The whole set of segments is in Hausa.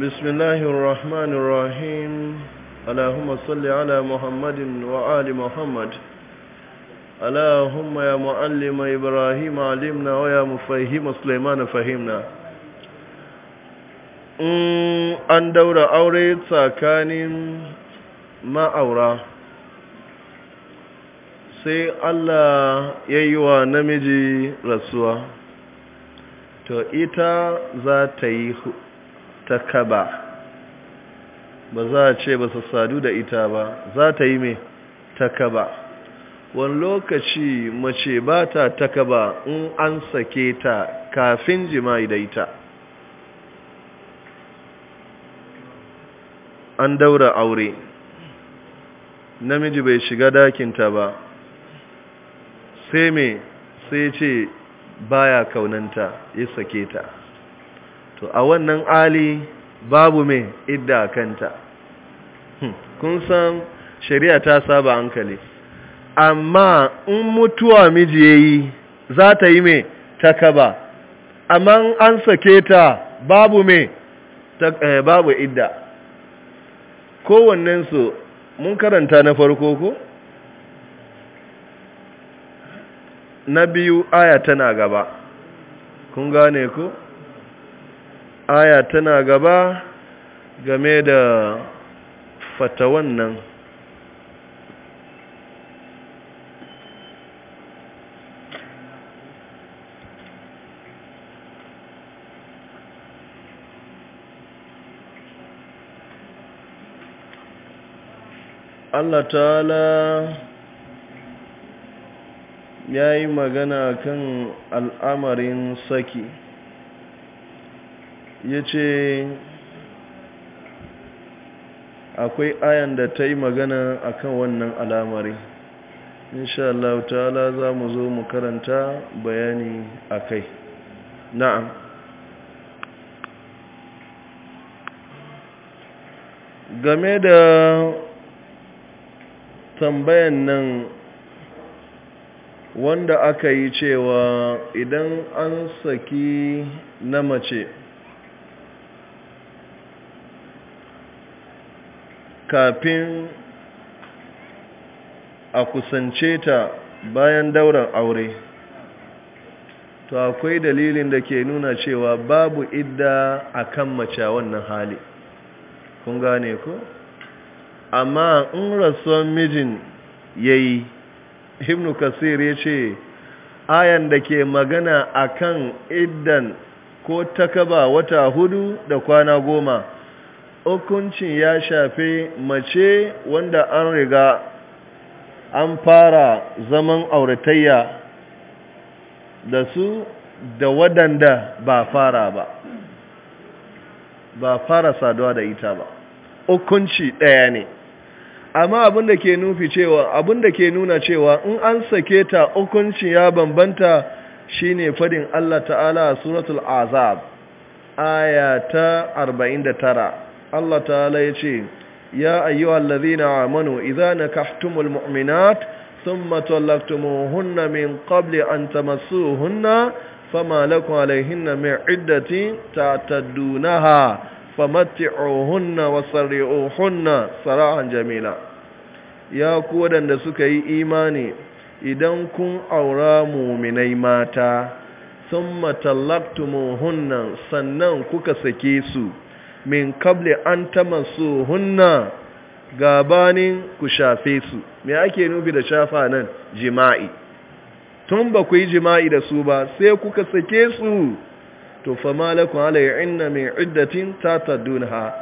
بسم الله الرحمن الرحيم اللهم صل على محمد وآل محمد اللهم يا معلم إبراهيم علمنا ويا مفهم سليمان فهمنا an daura aure tsakanin ma'aura sai Allah ya yi wa namiji rasuwa to ita za ta yi Takaba, ba za a ce ba su sadu da ita ba za ta yi mai takaba wani lokaci mace ba ta takaba in an sake ta kafin jima'i da ita an daura aure namiji bai shiga dakinta ba sai mai sai ce baya kaunanta ya sake ta to a wannan ali babu mai idda kanta hmm. kun san shari'a ta saba hankali amma in mutuwa miji yayi za ta yi mai takaba amma an sake ta babu mai eh, babu idda su mun karanta na farko ko? na biyu aya tana gaba kun gane ku. aya tana gaba game da fatawan nan Allah ta'ala ya yi magana kan al'amarin saki ya ce akwai ayan da ta yi magana a kan wannan alamari insha Allah ta'ala za mu zo mu karanta bayani a kai na'am game da tambayan nan wanda aka yi cewa idan an saki na mace kafin a kusance ta bayan dauran aure to akwai dalilin da ke nuna cewa babu idda a kan mace wannan hali kun gane ko amma in rasuwan mijin ya yi himnu kasir ya ce ayan da ke magana akan iddan ko takaba wata hudu da kwana goma hukuncin ya shafe mace wanda an riga an fara zaman auratayya da su da waɗanda ba fara ba ba fara saduwa da ita ba hukunci ɗaya ne amma abinda ke nufi cewa abinda ke nuna cewa in an sake ta hukunci ya bambanta shine fadin Allah ta'ala a suratul azab aya ta tara. Allah ta'ala ya ce ya ayyuhal ladhina amanu idza nakahtumul mu'minat thumma tallaqtumuhunna min qabli an hunna, fama lakum alayhinna min iddatin ta'tadunaha famatti'uhunna wasariohunna sarahan jamila ya ku wadanda suka yi imani idan kun aura muminai mata thumma muhunna, sannan kuka sake su min kable an ta masu hunna gabanin ku shafe su me ake nufi da shafa nan jima'i tun ba ku yi jima'i da su ba sai kuka sake su to fa malakum alayhinna min iddatin tatadunha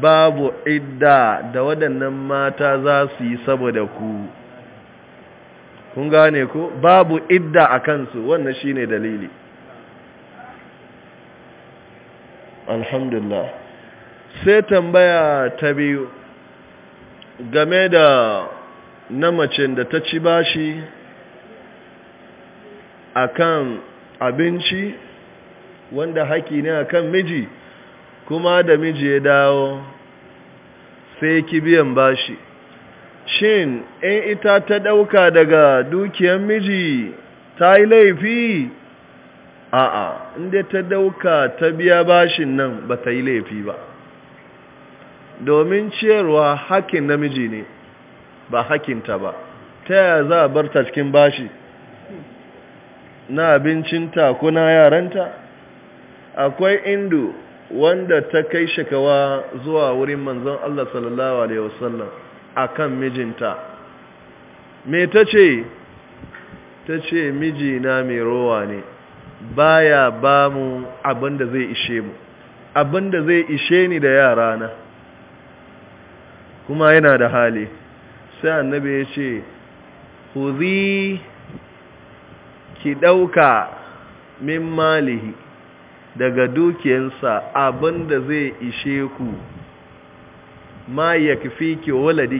babu idda da waɗannan mata za su yi saboda ku kun gane ku? babu idda a kansu wannan shine dalili alhamdulillah sai tambaya ta biyu game da na macen da ta ci bashi akan abinci wanda haki ne akan miji kuma da miji ya dawo sai ki biyan bashi shin in ita ta ɗauka daga dukiyar miji ta yi laifi a'a inda ta ɗauka ta biya bashin nan ba ta yi laifi ba domin ciyarwa hakin namiji ne ba hakinta ba ta yaya za a bar ta cikin bashi na abincinta ko na yaranta akwai indu wanda ta kai shakawa zuwa wurin manzon Allah sallallahu alaihi wasallam akan mijinta me tace tace mijina mai rowa ne baya ba mu abinda zai ishe mu abinda zai ishe ni da yarana kuma yana da hali sai annabi ya ce huzi ki ɗauka min malihi daga dukiyansa abinda zai ishe ku ma ya kafi ki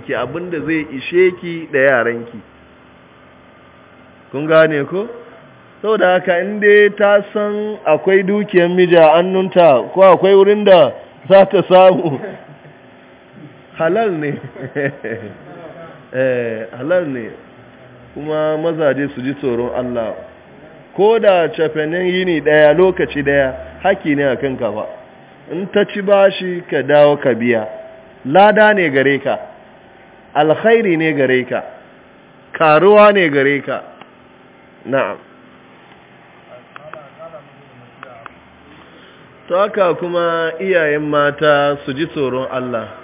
ki abinda zai ishe ki da yaranki kun gane ko sau da haka inda ta san akwai dukiyar mija annunta ko akwai wurin da za ta samu halal ne eh, halal ne kuma mazaje su ji tsoron Allah ko da cafanin yini daya lokaci daya haki ne a kan ba in ta ci bashi ka dawo ka biya lada ne gare ka alkhairi ne gare ka karuwa ne gare ka na'am ta kuma iyayen mata su ji tsoron Allah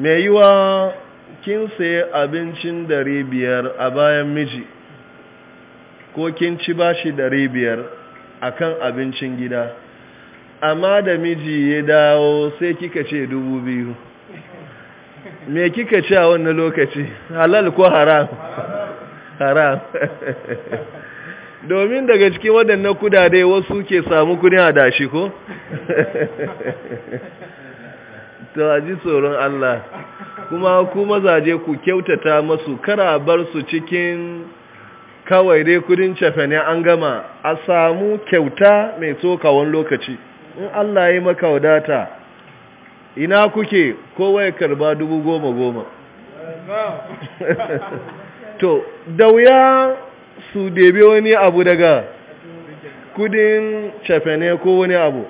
mai yiwa kin sayi abincin dare biyar a bayan miji ko kin ci bashi dare biyar a kan abincin gida amma da miji ya dawo sai kika ce dubu biyu me kika ci a wannan lokaci halal ko haram haram domin daga cikin waɗannan kudade wasu ke samu a dashi ko ji tsoron Allah kuma ku mazaje ku kyautata masu kara bar su cikin kawai dai kudin cefane an gama a samu kyauta mai tsokawan lokaci in Allah ya maka wadata ina kuke kowai karba dubu goma goma to da wuya su debe wani abu daga kudin cefane ko wani abu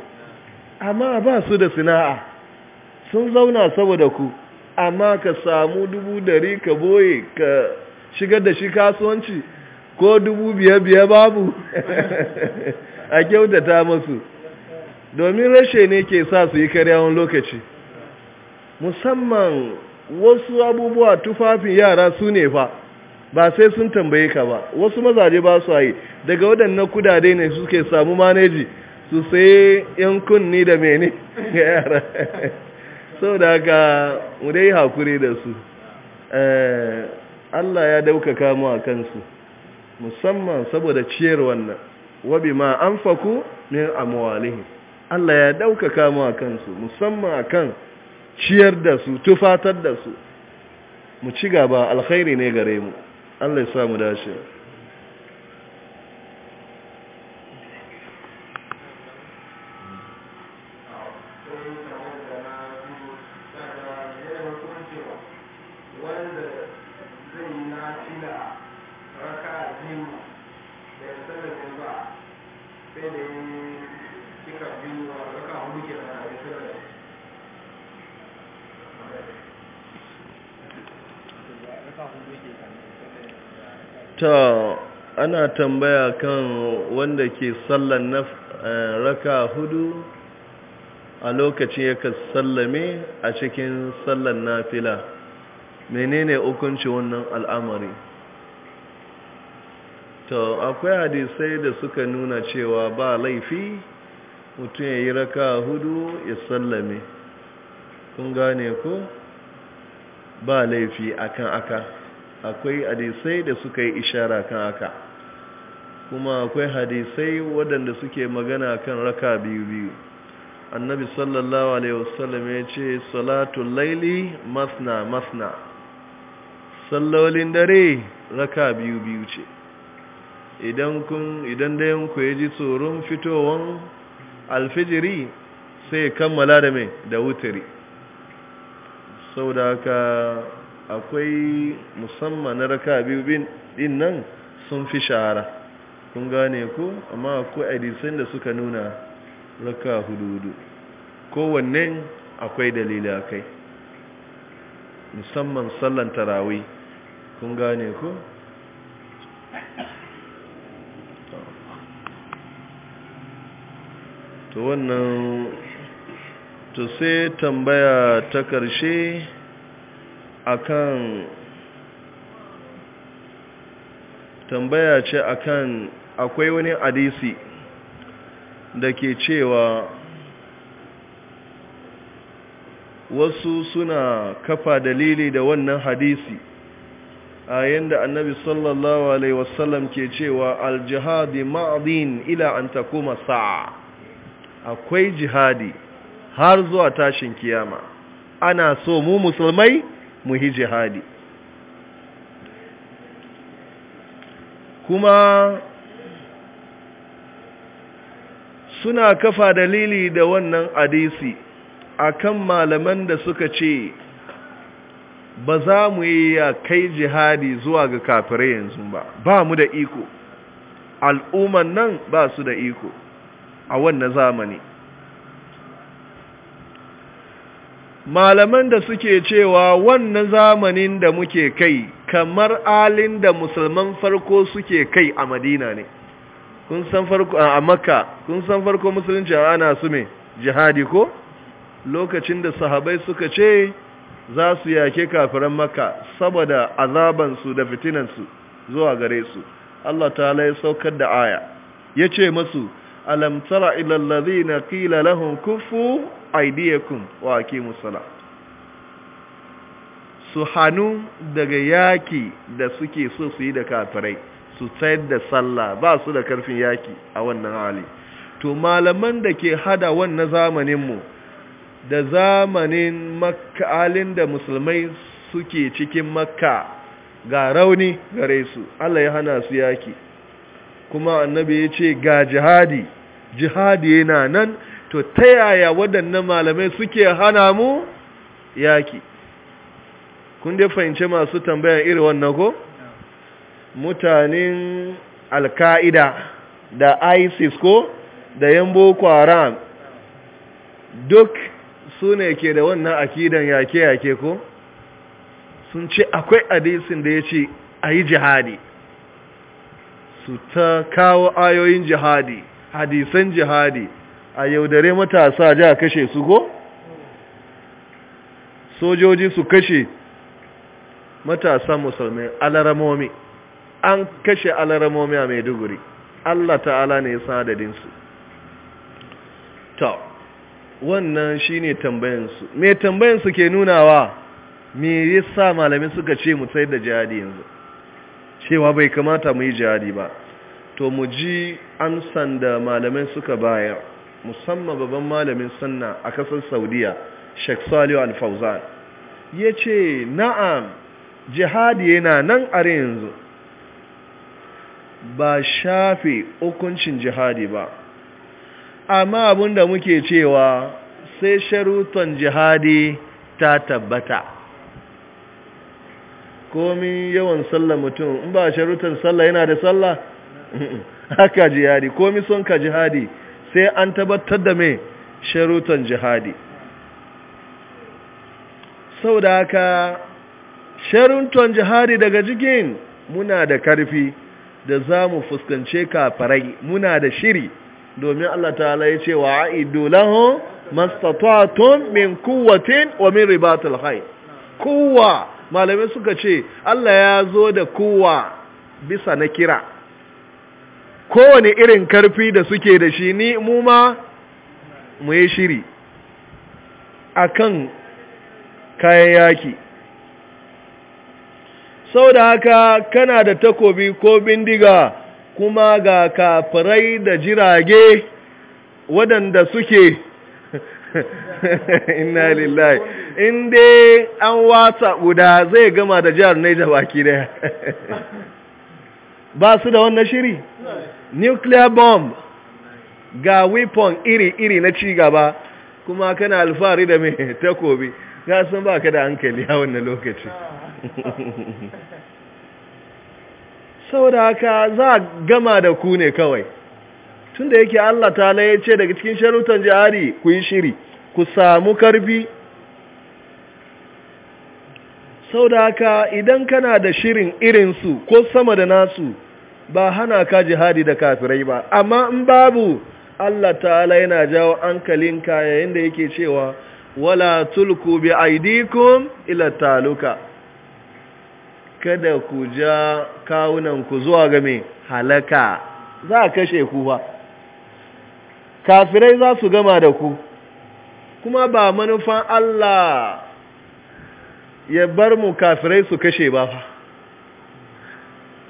amma ba su da sana'a sun zauna saboda ku amma ka samu dubu dari ka boye ka shigar da shi kasuwanci ko dubu biye-biye babu a kyautata masu domin rashe ne ke sa su yi karyawan lokaci musamman wasu abubuwa tufafin yara su ne fa ba sai sun tambaye ka ba wasu mazaje ba su yi daga waɗannan kudade ne suke samu maneji su sai yan da mene ga yara sau da haka mu dai hakuri da su eh, Allah ya daukaka mu a kansu musamman saboda ciyar wannan wabi ma an faku min amwalihim Allah ya daukaka mu a kansu musamman akan ciyar da su tufatar da su mu ci gaba alkhairi ne gare mu Allah ya sa mu dace ta ana tambaya kan wanda ke sallan na eh, raka hudu a lokacin yaka sallame a cikin sallan fila, menene hukunci wannan al'amari to akwai hadisai da suka nuna cewa ba laifi mutum ya yi raka hudu ya sallame kun gane ko ba laifi akan aka akwai hadisai da suka yi ishara kan haka kuma akwai hadisai waɗanda suke magana kan raka biyu-biyu annabi sallallahu alaihi wasallam ya ce salatun laili masna masna sallolin dare raka biyu-biyu ce idan kun idan yanku ya ji tsoron fitowan alfijiri sai kammala da mai da wutari sau da aka akwai musamman na raka biyu din nan sun fi shahara kun gane ko amma akwai hadisan da suka nuna raka hudu kowanne akwai dalila kai musamman sallan tarawi kun gane ko to wannan to sai tambaya ta ƙarshe akan tambaya ce akan akwai wani hadisi da ke cewa wasu suna kafa dalili da wannan hadisi a yanda annabi sallallahu alaihi wasallam ke cewa aljihadi ma'adin ila an takuma sa'a akwai jihadi har zuwa tashin kiyama ana so mu musulmai mu yi jihadi kuma suna kafa dalili da wannan hadisi akan malaman da suka ce ba za mu yi ya kai jihadi zuwa ga kafirai yanzu ba ba mu da iko al'umman nan ba su da iko a wannan zamani malaman da suke cewa wannan zamanin da muke kai kamar alin da musulman farko suke kai a madina ne kun san farko a makka kun san farko musulunci ana su me jihadi ko lokacin da sahabai suka ce za su yake kafiran makka saboda azabansu da fitinansu zuwa gare su Allah ta ya saukar da aya ya ce masu alamtara ilallazi na ladhina lahun lahum kufu aidiyakum wa aqimus sala su hanu daga yaki da suke so su yi da kafirai su tsayar da sallah ba su da karfin yaki a wannan hali to malaman da ke hada wannan zamanin mu da zamanin makalin da musulmai suke cikin makka ga rauni gare su Allah ya hana su yaki kuma annabi ya ce ga jihadi jihadi yana nan to ta yaya waɗannan malamai suke hana mu yaki kun dai fahimci masu tambayan irin wannan ko mutanen alka'ida da isis ko da yan boko haram duk su ne ke da wannan akidan yake-yake ko sun ce akwai hadisin da ya ce a yi jihadi su ta kawo ayoyin jihadi hadisan jihadi a yaudare matasa ji a kashe su go sojoji su kashe matasa musulmi alaramomi an kashe alaramomi a maiduguri Allah ta'ala ne ya su ta wannan shine tambayansu me tambayansu ke nunawa me yasa malami suka ce mu sai da jihadi yanzu cewa bai kamata mu yi jihadi ba to mu ji amsan da malamin suka bayar musamman babban malamin sunna a kasar saudiya sheikh salihu al ya ce na'am jihadi yana nan are yanzu ba shafe hukuncin jihadi ba amma abinda muke cewa sai sharutan jihadi ta tabbata komi yawan sallah mutum ba sharutan sallah yana da sallah haka jihadi komi son ka jihadi sai an tabbatar da mai sharutan jihadi sau da haka sharutan jihadi daga jikin muna da karfi da za mu fuskance kafarai muna da shiri domin Allah ta'ala ya ce wa a'idu lahu mastata'tum min quwwatin wa min ribatil hain. kuwa malamai suka ce Allah ya zo da kuwa bisa na kira kowane irin karfi da suke da shi ni mu ma mu yi shiri akan kayan yaki sau da haka kana da takobi ko bindiga kuma ga kafirai da jirage waɗanda suke inna lillahi in an watsa guda zai gama da jihar naija baki daya ba su da wannan shiri nuclear bomb ga weapon iri-iri na cigaba? gaba kuma kana alfahari da mai takobi ga sun ba ka da hankali a wannan lokaci saboda haka za a gama da ku ne kawai tun da yake Allah ta ya ce daga cikin sharutan jihari ku yi shiri ku samu karfi sau da haka idan kana da shirin irinsu ko sama da nasu ba hana ka jihadi da kafirai ba amma in babu Allah ta'ala yana jawo hankalinka yayin da yake cewa wala tulku bi aidikum ila taluka kada ku ja ku zuwa ga me halaka za a kashe ku ba kafirai za su gama da ku kuma ba manufan Allah ya bar mu kafirai su kashe ba fa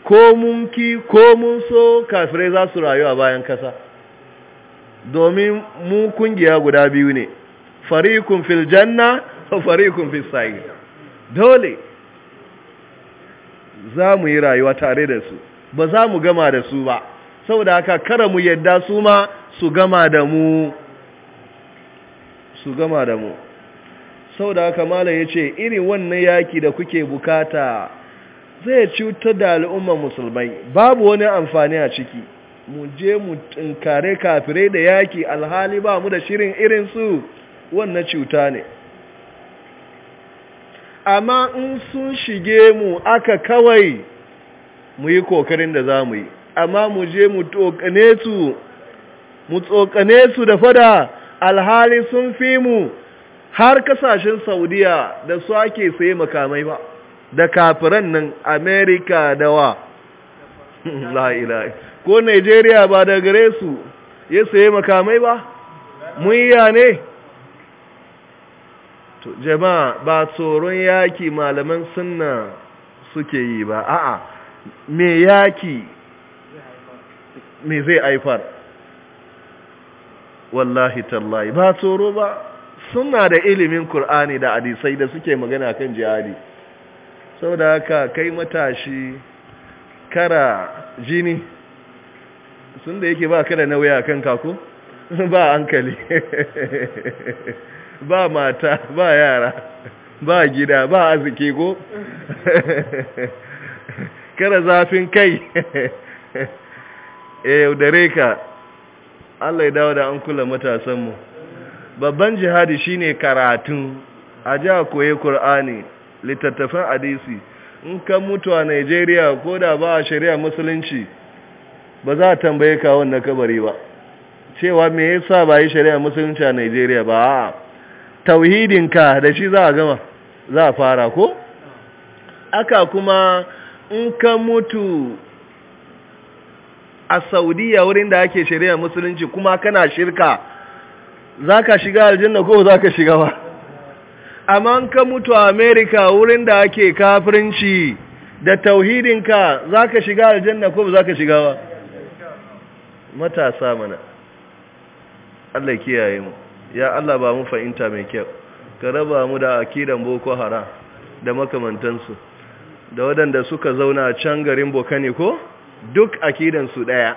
ko mun ki ko mun so kafirai za su rayu a bayan kasa domin mu kungiya guda biyu ne fariqun fil janna wa fariqun fis sa'ir dole za mu yi rayuwa tare da su ba za mu gama da su ba saboda haka kada mu yadda su ma su gama da mu su gama da mu sau da haka mala ya ce irin wannan yaki da kuke bukata zai cutar da al'ummar musulmai babu wani amfani a ciki mu je mu tunkare kafirai da yaki alhali ba mu da shirin irin su wannan cuta ne amma in sun shige mu aka kawai mu yi kokarin da za mu yi amma mu je mu tsokane su da fada alhali sun fi mu har kasashen saudiya da su ake sai makamai ba da kafiran nan amerika da wa la'ilai ko nigeria ba da gare su ya sai makamai ba muiya ne jama'a ba tsoron yaki malaman sunna suke yi ba a'a me yaki me zai aifar wallahi tallahi ba tsoro ba suna da ilimin Kur'ani da hadisai da suke magana kan jihadi saboda haka kai matashi kara jini sun da yake ba kada nauyi kan kaku. ba hankali ba mata ba yara ba gida ba arziki ko kara zafin kai E, eh, dare ka Allah ya dawo da an kula matasanmu babban jihadi shine karatun a ji a koyi Kur'ani, littattafan hadisi in ka mutu a Najeriya ko da ba a shari'a musulunci ba za a tambaye ka wannan kabari ba cewa me yasa ba yi shari'a musulunci a Najeriya ba tauhidinka da shi za a gama za a fara ko aka kuma in ka mutu a Saudiya wurin da ake shari'a musulunci kuma kana shirka za ka shiga aljanna ko za ka shiga ba amma ka mutu a Amerika wurin da ake kafirinci da tauhidinka za ka shiga aljanna ko za ka shiga ba matasa mana Allah kiyaye mu ya Allah ba mu fahimta mai kyau ka raba mu da akidan boko haram da makamantansu da waɗanda suka zauna can garin bokane ko duk akidansu ɗaya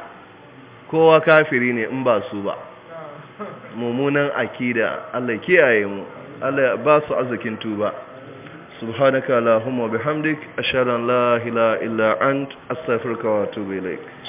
kowa kafiri ne in ba su ba mummunan akida Allah kiyaye mu Allah ba su arzikin tuba subhanaka allahumma bihamdik ashhadu an la ilaha illa ant astaghfiruka wa atubu ilaik